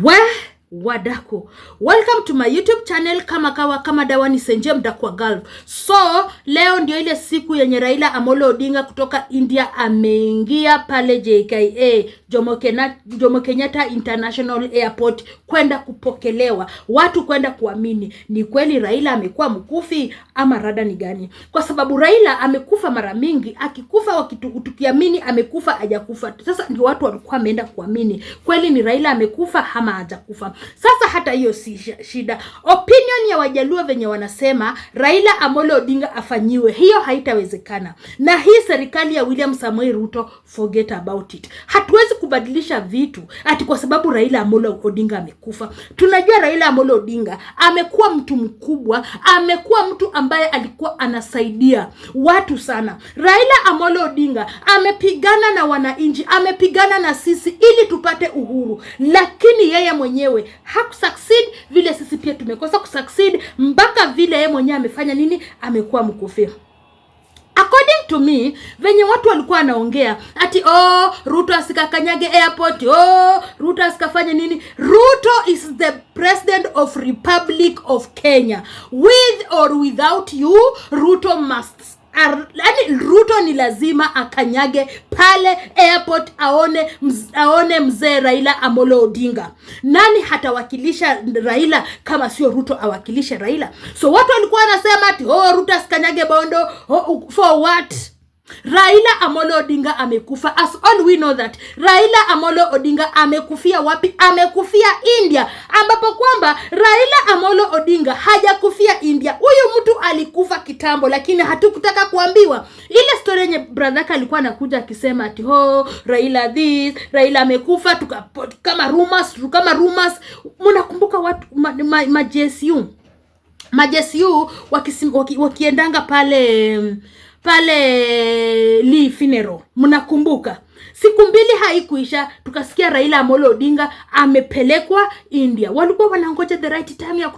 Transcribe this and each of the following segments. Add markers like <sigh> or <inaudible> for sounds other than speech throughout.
What? wadako welcome to my youtube channel kama kawa kama dawa ni Senje Mdakwa Girl. So leo ndio ile siku yenye Raila Amolo Odinga kutoka India ameingia pale JKA Jomo Kenyatta International Airport kwenda kupokelewa, watu kwenda kuamini ni kweli Raila amekuwa mkufi ama rada ni gani, kwa sababu Raila amekufa mara mingi, akikufa tukiamini amekufa ajakufa Sasa ndio watu walikuwa wameenda kuamini kweli ni Raila amekufa ama hajakufa. Sasa hata hiyo si shida. Opinion ya Wajaluo venye wanasema Raila Amolo Odinga afanyiwe, hiyo haitawezekana, na hii serikali ya William Samoei Ruto, forget about it. Hatuwezi kubadilisha vitu ati kwa sababu Raila Amolo Odinga amekufa. Tunajua Raila Amolo Odinga amekuwa mtu mkubwa, amekuwa mtu ambaye alikuwa anasaidia watu sana. Raila Amolo Odinga amepigana na wananchi, amepigana na sisi ili tupate uhuru, lakini yeye mwenyewe yake hakusucceed vile sisi pia tumekosa kusucceed mpaka vile yeye mwenyewe amefanya nini, amekuwa mkufi According to me, venye watu walikuwa wanaongea ati oh, Ruto asikakanyage airport, oh, Ruto asikafanye nini. Ruto is the president of Republic of Kenya with or without you, Ruto must yani Ruto ni lazima akanyage pale airport, aone mz, aone mzee Raila Amolo Odinga. Nani hatawakilisha Raila kama sio Ruto awakilishe Raila? So watu walikuwa wanasema ati oh, Ruto asikanyage Bondo oh, for what Raila Amolo Odinga amekufa. As all we know that Raila Amolo Odinga amekufia wapi? Amekufia India, ambapo kwamba Raila Amolo Odinga hajakufia India. Huyu mtu alikufa kitambo, lakini hatukutaka kuambiwa ile story yenye bradhaka alikuwa anakuja akisema ati ho Raila this Raila amekufa, tuka- kama rumors kama rumors. Mnakumbuka watu ma, ma, ma ma JSU wakiendanga waki pale pale eh, Lee Funeral, mnakumbuka Siku mbili haikuisha, tukasikia Raila Amolo Odinga amepelekwa India. Walikuwa wanangoja the right time ya,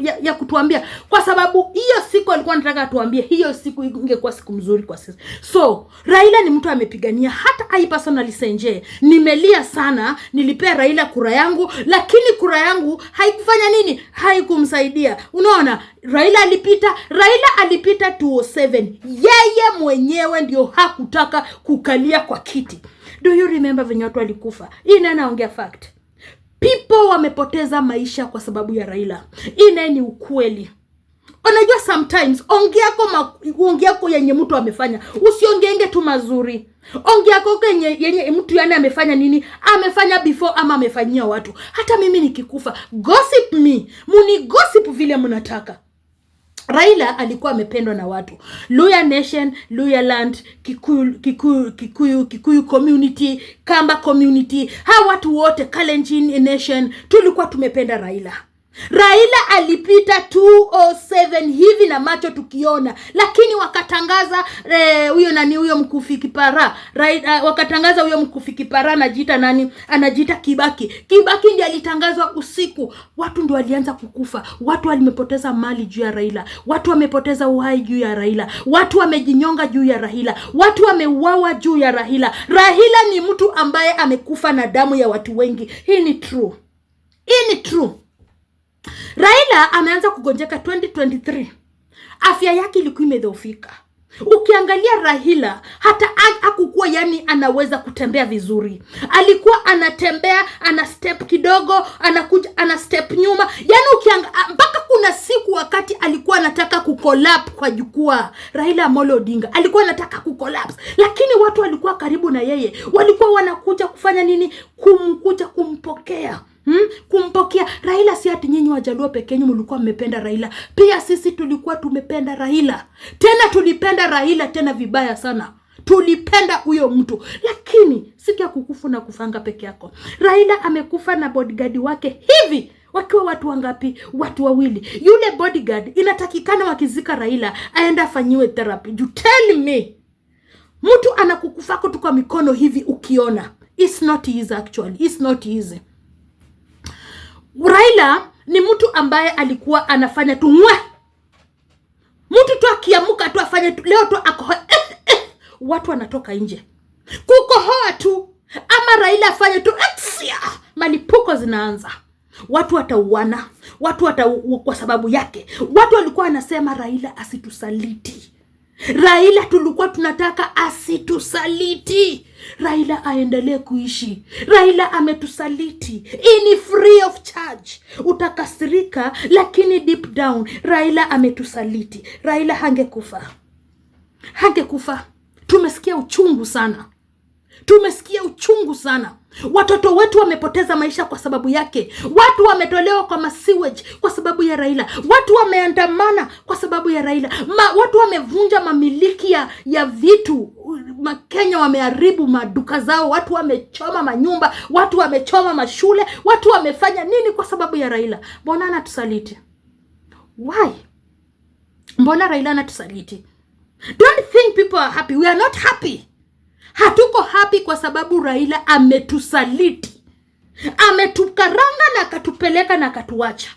ya, ya kutuambia, kwa sababu hiyo siku alikuwa anataka atuambie, hiyo siku ingekuwa siku mzuri kwa sisi. So Raila ni mtu amepigania, hata I personally Senje nimelia sana, nilipea Raila kura yangu, lakini kura yangu haikufanya nini? Haikumsaidia. Unaona, Raila alipita, Raila alipita 2007 yeye mwenyewe ndio hakutaka kukalia kwa kiti. Do you remember venye watu walikufa? Hii naye naongea fact. People wamepoteza maisha kwa sababu ya Raila. Hii naye ni ukweli. Unajua, sometimes ongeako ongeako yenye mtu amefanya, usiongenge tu mazuri. Ongeako yenye, yenye mtu yani amefanya nini, amefanya before ama amefanyia watu. Hata mimi nikikufa, gossip me, muni gossip vile mnataka Raila alikuwa amependwa na watu Luya Nation, Luya Land, Kikuyu, Kikuyu, Kikuyu, Kikuyu community, Kamba community, hawa watu wote Kalenjin Nation tulikuwa tumependa Raila. Raila alipita 207 hivi na macho tukiona, lakini wakatangaza eh, huyo e, nani huyo mkufi kipara Raila, eh, wakatangaza huyo mkufi kipara anajiita nani, anajiita Kibaki. Kibaki ndiye alitangazwa usiku, watu ndio walianza kukufa, watu walimepoteza mali juu ya Raila, watu wamepoteza uhai juu ya Raila, watu wamejinyonga juu ya Raila, watu wameuawa juu ya Raila. Raila ni mtu ambaye amekufa na damu ya watu wengi. Hii ni true, hii ni true. Raila ameanza kugonjeka 2023. Afya yake ilikuwa imedhoofika. Ukiangalia Raila hata akukuwa yani anaweza kutembea vizuri, alikuwa anatembea ana step kidogo, anakuja ana step nyuma, yani ukiangalia mpaka kuna siku wakati alikuwa anataka kukolap kwa jukwaa. Raila Amolo Odinga alikuwa anataka kukolapse, lakini watu walikuwa karibu na yeye, walikuwa wanakuja kufanya nini? Kumkuja kumpokea Hmm? Kumpokea Raila si ati nyinyi Wajaluo pekenyu yenu mlikuwa mmependa Raila. Pia sisi tulikuwa tumependa Raila. Tena tulipenda Raila tena vibaya sana. Tulipenda huyo mtu. Lakini ya kukufu na kufanga peke yako. Raila amekufa na bodyguard wake hivi. Wakiwa watu wangapi? Watu wawili. Yule bodyguard inatakikana wakizika Raila aenda afanyiwe therapy. You tell me. Mtu anakukufa tu kwa mikono hivi ukiona. It's not easy actually. It's not easy. Raila ni mtu ambaye alikuwa anafanya tu mwe, mtu tu akiamuka tu afanye tu, leo tu akohoe eh, eh, watu wanatoka nje kukohoa tu, ama Raila afanye tu eksia, eh, malipuko zinaanza, watu watauana, watu wata, kwa sababu yake watu walikuwa wanasema Raila asitusaliti Raila tulikuwa tunataka asitusaliti, Raila aendelee kuishi. Raila ametusaliti, ini free of charge. Utakasirika, lakini deep down Raila ametusaliti. Raila hangekufa, hangekufa. Tumesikia uchungu sana. Tumesikia uchungu sana, watoto wetu wamepoteza maisha kwa sababu yake, watu wametolewa kwa masiwej kwa sababu ya Raila, watu wameandamana kwa sababu ya Raila, Ma, watu wamevunja mamiliki ya, ya vitu Makenya wameharibu maduka zao, watu wamechoma manyumba, watu wamechoma mashule, watu wamefanya nini kwa sababu ya Raila? Mbona anatusaliti? Why? Mbona Raila anatusaliti? Don't think people are happy. We are not happy. Hatuko happy kwa sababu Raila ametusaliti, ametukaranga na akatupeleka na akatuacha.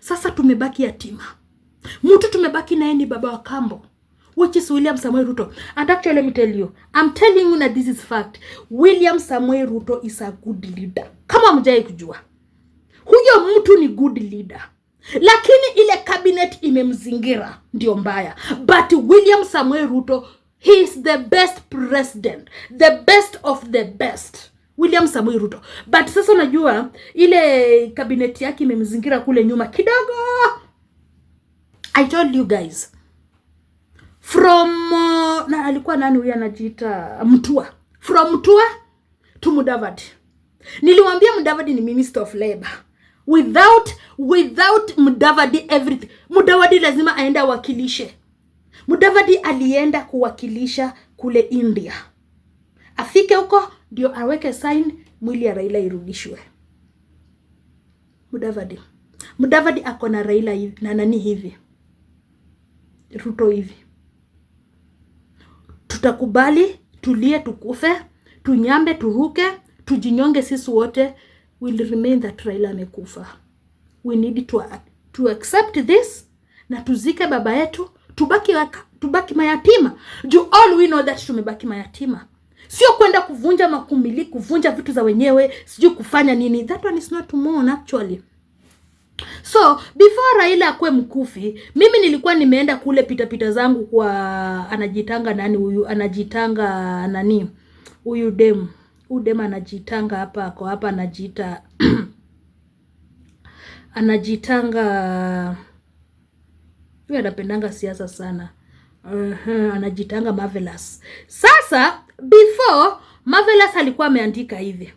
Sasa tumebaki yatima, mtu tumebaki naye ni baba wa kambo which is William Samuel Ruto. And actually, let me tell you, I'm telling you that this is fact. William Samuel Ruto is a good leader. Kama mjai kujua, huyo mtu ni good leader, lakini ile cabinet imemzingira ndio mbaya, but William Samuel Ruto He is the best president, the best of the best, William samui Ruto. But sasa unajua ile kabineti yake imemzingira kule nyuma kidogo. I told you guys from uh, na alikuwa nani huyu anajiita Mtua, from Mtua to Mudavadi. niliwambia Mudavadi ni minister of labor without without Mudavadi everything, Mudavadi lazima aende awakilishe Mudavadi alienda kuwakilisha kule India, afike huko ndio aweke sign mwili ya Raila irudishwe. Mudavadi Mudavadi ako na Raila na nani hivi Ruto hivi, tutakubali tulie, tukufe, tunyambe, turuke, tujinyonge sisi wote, will remain that Raila amekufa. We need to, to accept this na tuzike baba yetu tubaki, tubaki mayatima juu all we know that tumebaki mayatima, sio kwenda kuvunja makumili, kuvunja vitu za wenyewe, sijui kufanya nini. That one is not mourn actually. So before Raila akuwe mkufi, mimi nilikuwa nimeenda kule pitapita zangu kwa anajitanga nani huyu, anajitanga nani huyu dem udem anajitanga hapa kwa hapa anajiita <clears throat> anajitanga Huyu anapendanga siasa sana. Uh-huh, anajitanga Marvelous. Sasa before Marvelous alikuwa ameandika hivi.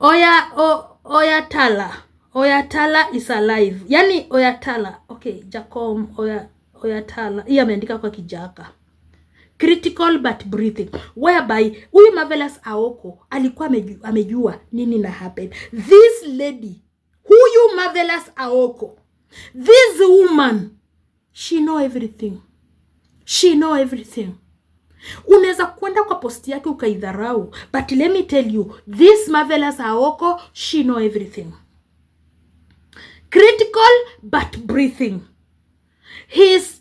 Oya o, Oya Tala. Oya Tala is alive. Yaani Oya Tala. Okay, Jacom Oya Oya Tala. Hii ameandika kwa Kijaka. Critical but breathing. Whereby huyu Marvelous Aoko alikuwa amejua, amejua nini na happen. This lady, huyu Marvelous Aoko. This woman She know everything. She know everything. Unaweza kwenda kwa posti yake ukaidharau, but let me tell you this Marvelous Aoko, she know everything. Critical but breathing. He's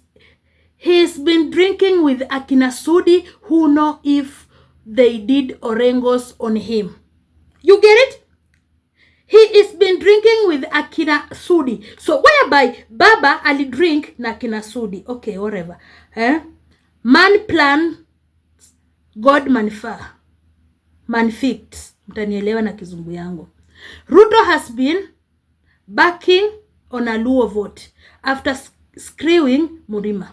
he's been drinking with akina Sudi who know if they did orengos on him. You get it? he is been drinking with akina Sudi, so whereby baba alidrink na akina Sudi. Okay, whatever eh? man plan God manfa manfit mtanielewa na kizungu yangu. Ruto has been backing on a Luo vote after screwing Murima.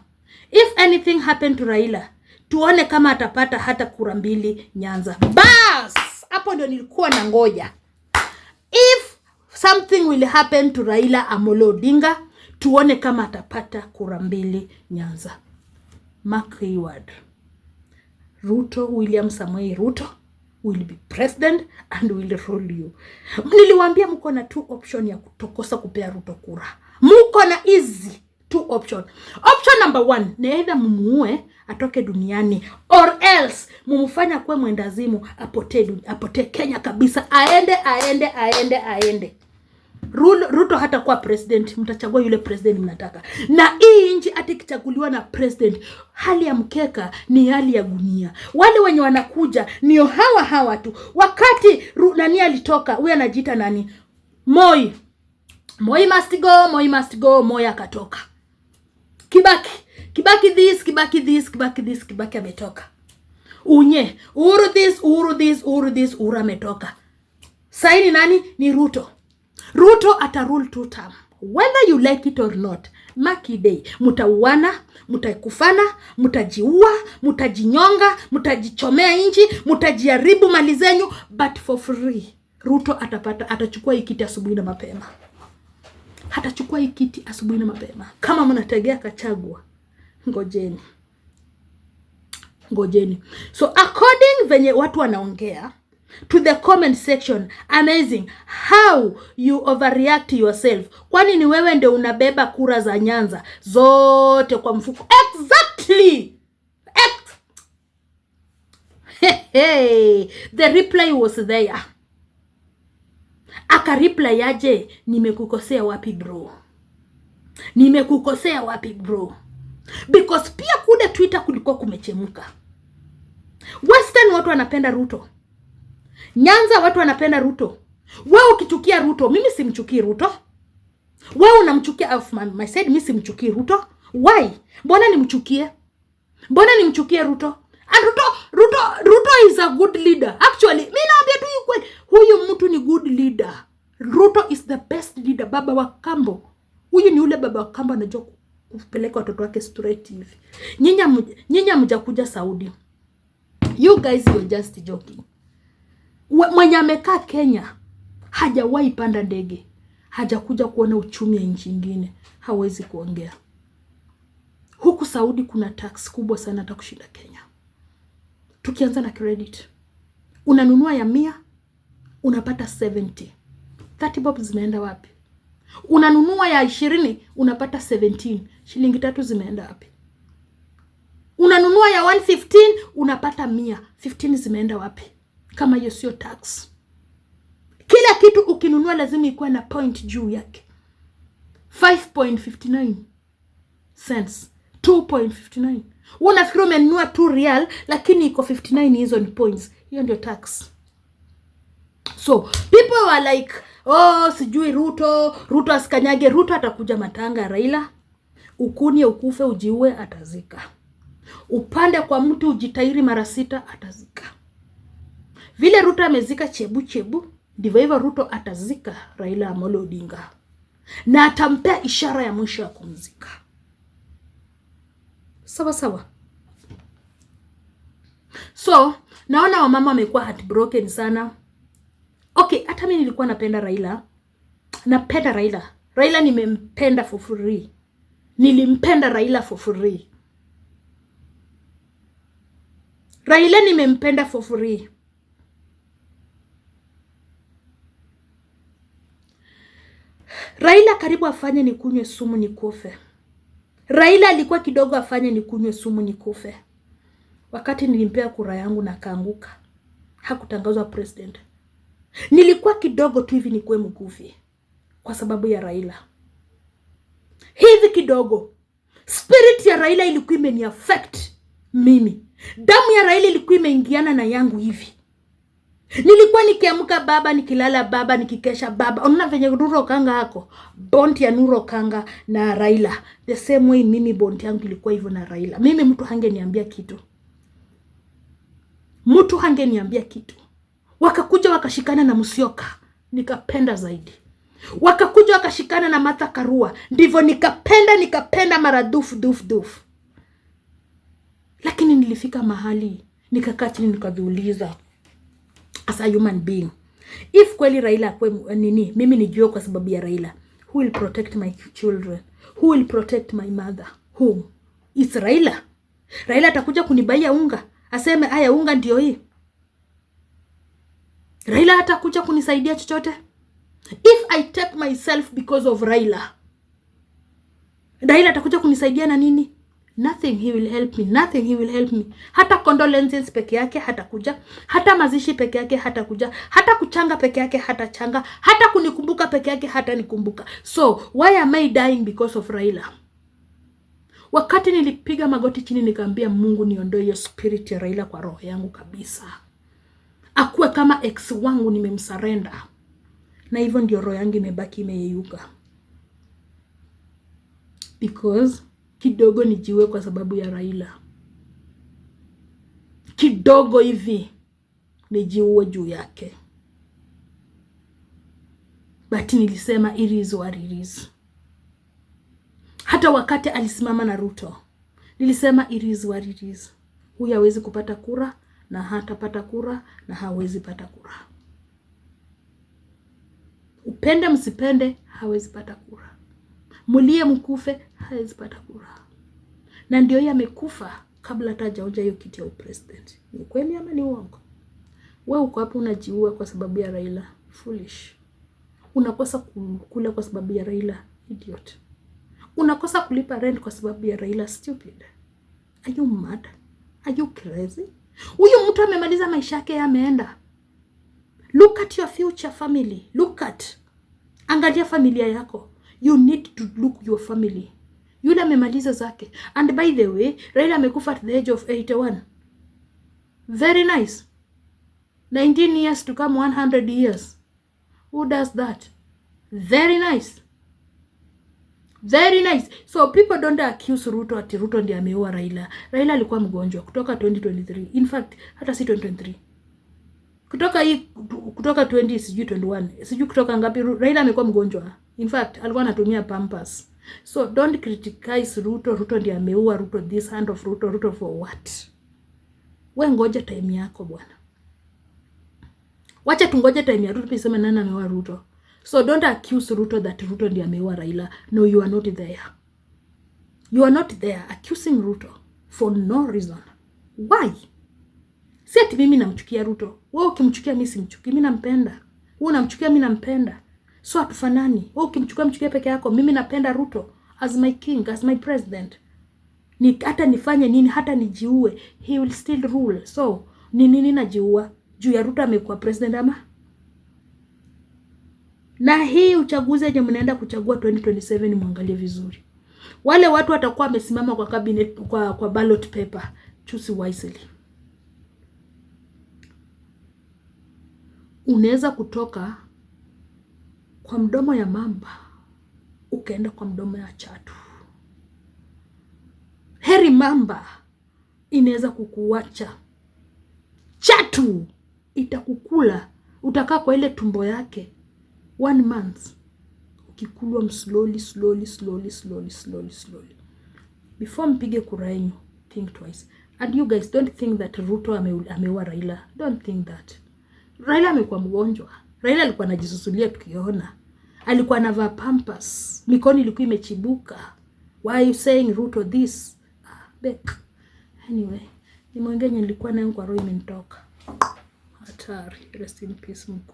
If anything happened to Raila, tuone kama atapata hata kura mbili Nyanza. Bas, hapo ndio nilikuwa na ngoja if something will happen to Raila Amolo Odinga, tuone kama atapata kura mbili Nyanza. Mark Hayward, Ruto, William Samoei Ruto will be president and will rule you. Niliwaambia mko na two option ya kutokosa kupea Ruto kura, muko na hizi two option. Option number one ni either mumuue atoke duniani, or else mumfanya kuwe mwendazimu, apotee apotee Kenya kabisa, aende aende aende aende. Ruto hata kuwa president, mtachagua yule president mnataka. Na hii nchi hata ikichaguliwa na president, hali ya mkeka ni hali ya gunia. Wale wenye wanakuja nio hawa hawa tu. Wakati nani alitoka, huyu anajiita nani, Moi, Moi must go, Moi must go, Moi akatoka, Kibaki Kibaki this, Kibaki this, Kibaki this, Kibaki ametoka. Unye, Uhuru this, Uhuru this, Uhuru this, Uhuru ametoka. Saini nani? Ni Ruto. Ruto ata rule two term. Whether you like it or not, Maki Day, mutauana, mutakufana, mutajiua, mutajinyonga, mutajichomea nchi, mutajiharibu mali zenyu, but for free. Ruto atapata, atachukua ikiti asubuhi na mapema, atachukua ikiti asubuhi na mapema, kama mnategea Kachagua ngojeni ngojeni. So according venye watu wanaongea to the comment section, amazing how you overreact yourself. Kwani ni wewe ndio unabeba kura za Nyanza zote kwa mfuko exactly. Ex hey, hey. The reply was there. Aka reply aje, nimekukosea wapi bro? Nimekukosea wapi bro? because pia kule Twitter kulikuwa kumechemka. Western watu wanapenda Ruto, Nyanza watu wanapenda Ruto. Wewe ukichukia Ruto, mimi simchukii Ruto. Wewe unamchukia of my, my side, mimi simchukii Ruto. Why? Mbona nimchukie? Mbona nimchukie Ruto? And Ruto, Ruto, Ruto is a good leader. Actually, mimi naambia tu ukweli, huyu mtu ni good leader. Ruto is the best leader. Baba wa kambo huyu ni ule baba wa kambo anajua kupeleka watoto wake straight hivi. Nyinyi hamjakuja Saudi. You guys were just joking. Mwenye amekaa Kenya hajawahi panda ndege, hajakuja kuona uchumi ya nchi nyingine, hawezi kuongea. Huku Saudi kuna tax kubwa sana hata kushinda Kenya. Tukianza na credit, unanunua ya mia unapata 70. 30 bob zinaenda wapi? Unanunua ya ishirini unapata 17. Shilingi tatu zimeenda wapi? Unanunua ya 115 unapata mia 15 zimeenda wapi? Kama hiyo sio tax. Kila kitu ukinunua lazima ikuwe na point juu yake. 5.59 cents, 2.59. Unafikiri umenunua 2 real lakini iko 59, hizo ni points. Hiyo ndio tax. So people were like oh, sijui Ruto, Ruto asikanyage. Ruto atakuja matanga Raila, ukunie ukufe ujiue, atazika. Upande kwa mtu ujitairi mara sita, atazika. Vile Ruto amezika chebu chebu, ndivyo hivyo Ruto atazika Raila Amolo Odinga, na atampea ishara ya mwisho ya kumzika. Sawa sawa. So naona wamama wamekuwa heartbroken sana Okay, hata mimi nilikuwa napenda Raila. Napenda Raila. Raila nimempenda for free. Nilimpenda Raila for free. Raila nimempenda for free. Raila karibu afanye ni kunywe sumu kufe. Raila alikuwa kidogo afanye ni kunywe sumu kufe. Wakati nilimpea kura yangu na kaanguka. Hakutangazwa president. Nilikuwa kidogo tu hivi nikuwe mguvi kwa sababu ya Raila. Hivi kidogo spirit ya Raila ilikuwa affect mimi, damu ya Raila ilikuwa imeingiana na yangu hivi. Nilikuwa nikiamka baba, nikilala baba, nikikesha baba. Unaona venye nuro Kanga hako bond ya Nuro Kanga na Raila the same way, mimi bond yangu ilikuwa hivyo na Raila. Mimi mtu hangeniambia kitu, mtu hangeniambia kitu. Wakakuja wakashikana na Musyoka, nikapenda zaidi. Wakakuja wakashikana na Martha Karua, ndivyo nikapenda, nikapenda maradufu dufu dufu. Lakini nilifika mahali nikakaa chini nikaviuliza, as a human being, if kweli Raila akwe nini mimi nijue kwa sababu ya Raila, who will protect my children, who will protect my mother, whom? It's Raila. Raila atakuja kunibaia unga aseme haya unga ndio hii Raila hatakuja kunisaidia chochote. If I take myself because of Raila, Raila atakuja kunisaidia na nini? Nothing he will help me, nothing he will help me. Hata condolences peke yake hatakuja, hata mazishi peke yake hatakuja, hata kuchanga peke yake hatachanga, hata kunikumbuka peke yake hatanikumbuka. So why am I dying because of Raila? Wakati nilipiga magoti chini nikaambia Mungu, niondoe hiyo spirit ya Raila kwa roho yangu kabisa akuwe kama ex wangu nimemsarenda, na hivyo ndio roho yangu imebaki imeyeyuka, because kidogo nijiue kwa sababu ya Raila, kidogo hivi nijiue juu yake, but nilisema it is what it is. Hata wakati alisimama na Ruto nilisema it is what it is, huyu hawezi kupata kura na hatapata kura na hawezi pata kura. Upende msipende, hawezi pata kura. Mulie mkufe, hawezi pata kura. Na ndio yeye amekufa kabla hata hajaoja hiyo kiti ya upresident. Ni kweli ama ni uongo? Wewe uko hapo unajiua kwa sababu ya Raila. Foolish. Unakosa kula kwa sababu ya Raila. Idiot. Unakosa kulipa rent kwa sababu ya Raila. Stupid. Are you mad? Are you crazy? Huyu mtu amemaliza maisha yake, yameenda. Look at your future family. Look at, angalia familia yako. You need to look your family. Yule amemaliza zake. And by the way, Raila amekufa at the age of 81. Very nice. 19 years to come 100 years. Who does that? Very nice. Very nice. So people don't accuse Ruto ati Ruto ndiye ameua Raila. Raila alikuwa mgonjwa kutoka 2023. In fact, hata si 2023. Kutoka hii kutoka 20 sijui 21. Sijui kutoka ngapi Raila amekuwa mgonjwa. In fact, alikuwa anatumia Pampers. So don't criticize Ruto. Ruto ndiye ameua Ruto, this hand of Ruto. Ruto for what? We ngoja time yako bwana. Wacha tungoje time ya Ruto, tuseme nani ameua Ruto. So don't accuse Ruto that Ruto ndiye ameua Raila. No, you are not there. You are not there accusing Ruto for no reason. Why? Si ati mimi namchukia Ruto. Wewe ukimchukia mimi simchukii, mimi nampenda. Wewe unamchukia mimi nampenda. So hatufanani. Wewe ukimchukia mchukia peke yako, mimi napenda Ruto as my king, as my president. Ni hata nifanye nini, hata nijiue, he will still rule. So ni nini najiua? Juu ya Ruto amekuwa president ama na hii uchaguzi yenye mnaenda kuchagua 2027 mwangalie vizuri. Wale watu watakuwa wamesimama kwa cabinet, kwa, kwa ballot paper. Choose wisely. Unaweza kutoka kwa mdomo ya mamba ukaenda kwa mdomo ya chatu. Heri mamba inaweza kukuacha, chatu itakukula, utakaa kwa ile tumbo yake one month ukikulwa slowly slowly slowly slowly slowly slowly before mpige kura yenu think twice and you guys don't think that Ruto ameua ame Raila don't think that Raila amekuwa mgonjwa Raila alikuwa anajisusulia tukiona alikuwa anavaa pampas mikono ilikuwa imechibuka why are you saying Ruto this ah, back anyway ni mwengenye nilikuwa nayo kwa roho imenitoka hatari rest in peace mkuu